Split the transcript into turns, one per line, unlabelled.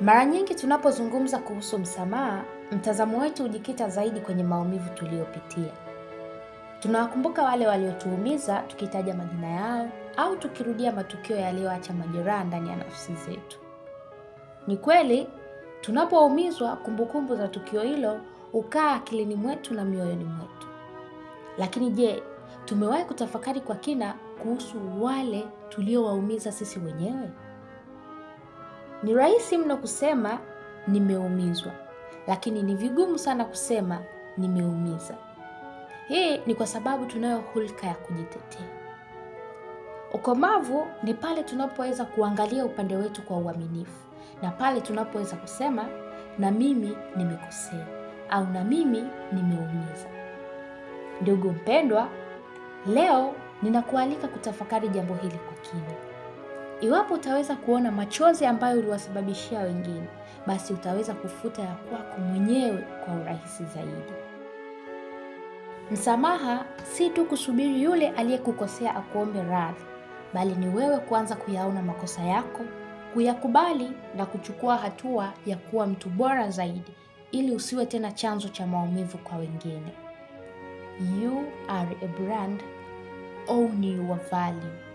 Mara nyingi tunapozungumza kuhusu msamaha, mtazamo wetu hujikita zaidi kwenye maumivu tuliyopitia. Tunawakumbuka wale waliotuumiza tukitaja majina yao au tukirudia matukio yaliyoacha majeraha ndani ya nafsi zetu. Ni kweli, tunapoumizwa, kumbukumbu za tukio hilo hukaa akilini mwetu na mioyoni mwetu. Lakini je, tumewahi kutafakari kwa kina kuhusu wale tuliowaumiza sisi wenyewe? Ni rahisi mno kusema nimeumizwa, lakini ni vigumu sana kusema nimeumiza. Hii ni kwa sababu tunayo hulka ya kujitetea. Ukomavu ni pale tunapoweza kuangalia upande wetu kwa uaminifu na pale tunapoweza kusema na mimi nimekosea au na mimi nimeumiza. Ndugu mpendwa, leo ninakualika kutafakari jambo hili kwa kina. Iwapo utaweza kuona machozi ambayo uliwasababishia wengine, basi utaweza kufuta ya kwako mwenyewe kwa urahisi zaidi. Msamaha si tu kusubiri yule aliyekukosea akuombe radhi, bali ni wewe kuanza kuyaona makosa yako, kuyakubali na kuchukua hatua ya kuwa mtu bora zaidi, ili usiwe tena chanzo cha maumivu kwa wengine. You are a brand, own your value.